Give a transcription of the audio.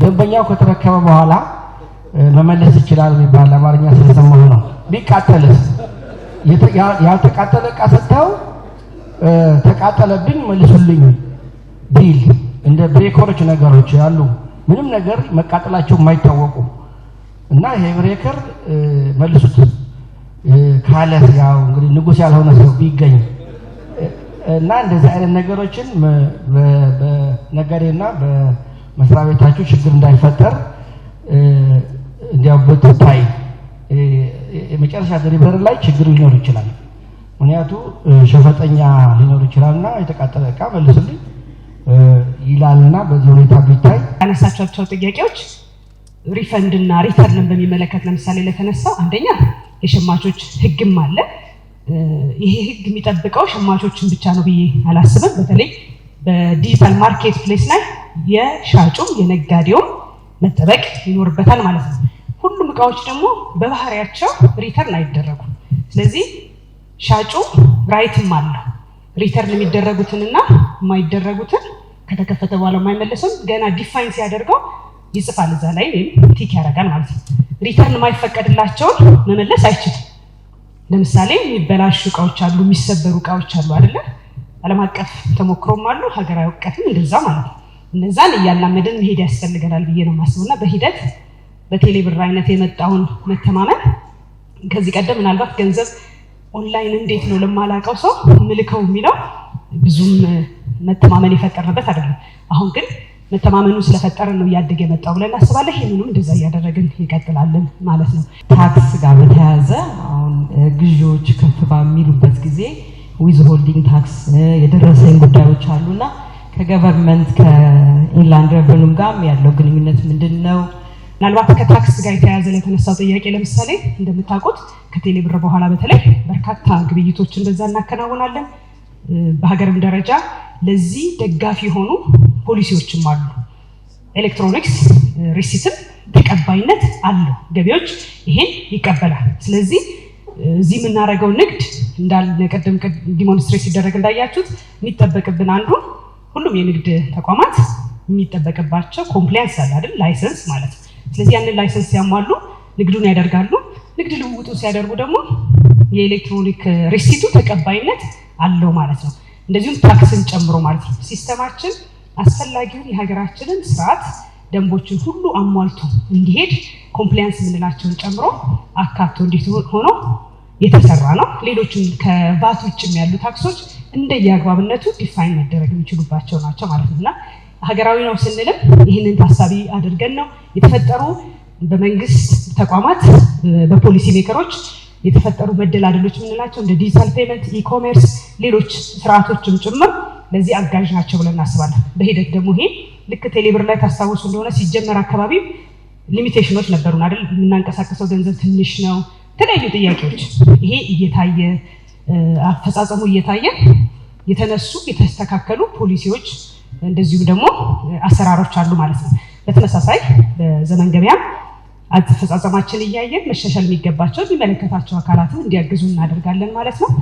ደንበኛው ከተረከበ በኋላ መመለስ ይችላል የሚባል አማርኛ ስለሰማሁ ነው። ቢቃጠልስ? ያልተቃጠለ እቃ ሰጥተው ተቃጠለብኝ መልሱልኝ ቢል እንደ ብሬከሮች ነገሮች አሉ። ምንም ነገር መቃጠላቸው የማይታወቁ እና ይሄ ብሬከር መልሱት ካለ ያው እንግዲህ ንጉስ ያልሆነ ሰው ቢገኝ እና እንደዚህ አይነት ነገሮችን በነጋዴና መስሪያ ቤታችሁ ችግር እንዳይፈጠር እንዲያው በትታይ የመጨረሻ ደሊቨሪ ላይ ችግር ሊኖር ይችላል። ምክንያቱ ሸፈጠኛ ሊኖር ይችላልና የተቃጠለ እቃ መልስልኝ ይላልና በዚህ ሁኔታ ቢታይ ያነሳቸቸው ጥያቄዎች ሪፈንድ እና ሪተርንን በሚመለከት ለምሳሌ ለተነሳው አንደኛ የሸማቾች ህግም አለ። ይሄ ህግ የሚጠብቀው ሸማቾችን ብቻ ነው ብዬ አላስብም። በተለይ በዲጂታል ማርኬት ፕሌስ ላይ የሻጩም የነጋዴውም መጠበቅ ይኖርበታል ማለት ነው። ሁሉም እቃዎች ደግሞ በባህሪያቸው ሪተርን አይደረጉም። ስለዚህ ሻጩ ራይትም አለው ሪተርን የሚደረጉትንና የማይደረጉትን ከተከፈተ በኋላ የማይመለሱም ገና ዲፋይን ሲያደርገው ይጽፋል እዛ ላይ ወይም ቲክ ያደርጋል ማለት ነው። ሪተርን የማይፈቀድላቸውን መመለስ አይችልም። ለምሳሌ የሚበላሹ እቃዎች አሉ፣ የሚሰበሩ እቃዎች አሉ አይደለም ዓለም አቀፍ ተሞክሮም አሉ ሀገራዊ እውቀትም እንደዛ ማለት ነው። እነዛን እያላመድን መሄድ ያስፈልገናል ብዬ ነው የማስበው እና በሂደት በቴሌብር አይነት የመጣውን መተማመን ከዚህ ቀደም ምናልባት ገንዘብ ኦንላይን እንዴት ነው ለማላውቀው ሰው ምልከው የሚለው ብዙም መተማመን የፈጠርንበት አይደለም። አሁን ግን መተማመኑ ስለፈጠረን ነው እያደገ የመጣው ብለን አስባለሁ። ይህንንም እንደዛ እያደረግን ይቀጥላለን ማለት ነው። ታክስ ጋር በተያያዘ አሁን ግዢዎች ከፍ ባሚሉበት ጊዜ ዊዝ ሆልዲንግ ታክስ የደረሰኝ ጉዳዮች አሉና ከገቨርንመንት ከኢንላንድ ረቨኑም ጋር ያለው ግንኙነት ምንድን ነው? ምናልባት ከታክስ ጋር የተያያዘ ለተነሳው ጥያቄ ለምሳሌ እንደምታውቁት ከቴሌብር በኋላ በተለይ በርካታ ግብይቶችን በዛ እናከናውናለን። በሀገርም ደረጃ ለዚህ ደጋፊ የሆኑ ፖሊሲዎችም አሉ። ኤሌክትሮኒክስ ሪሲትም ተቀባይነት አለው። ገቢዎች ይሄን ይቀበላል። ስለዚህ እዚህ የምናደርገው ንግድ እንዳለ ቅድም ዲሞንስትሬት ሲደረግ እንዳያችሁት የሚጠበቅብን አንዱ ሁሉም የንግድ ተቋማት የሚጠበቅባቸው ኮምፕላያንስ አለ አይደል? ላይሰንስ ማለት ነው። ስለዚህ ያንን ላይሰንስ ሲያሟሉ ንግዱን ያደርጋሉ። ንግድ ልውውጡ ሲያደርጉ ደግሞ የኤሌክትሮኒክ ሪሲቱ ተቀባይነት አለው ማለት ነው። እንደዚሁም ታክስን ጨምሮ ማለት ነው። ሲስተማችን አስፈላጊውን የሀገራችንን ስርዓት ደንቦችን ሁሉ አሟልቶ እንዲሄድ ኮምፕላያንስ የምንላቸውን ጨምሮ አካቶ እንዲት ሆኖ የተሰራ ነው። ሌሎችም ከቫት ውጭም ያሉ ታክሶች እንደየአግባብነቱ ዲፋይን መደረግ የሚችሉባቸው ናቸው ማለት ነው እና ሀገራዊ ነው ስንልም ይህንን ታሳቢ አድርገን ነው የተፈጠሩ በመንግስት ተቋማት በፖሊሲ ሜከሮች የተፈጠሩ መደላደሎች የምንላቸው እንደ ዲጂታል ፔመንት፣ ኢኮሜርስ፣ ሌሎች ስርዓቶችም ጭምር ለዚህ አጋዥ ናቸው ብለን እናስባለን። በሂደት ደግሞ ይሄ ልክ ቴሌብር ላይ ታስታውሱ እንደሆነ ሲጀመር አካባቢ ሊሚቴሽኖች ነበሩን አይደል? የምናንቀሳቀሰው ገንዘብ ትንሽ ነው የተለያዩ ጥያቄዎች ይሄ እየታየ አፈጻጸሙ እየታየ የተነሱ የተስተካከሉ ፖሊሲዎች እንደዚሁም ደግሞ አሰራሮች አሉ ማለት ነው። በተመሳሳይ በዘመን ገበያ አፈጻጸማችን እያየን መሻሻል የሚገባቸው የሚመለከታቸው አካላትን እንዲያግዙ እናደርጋለን ማለት ነው።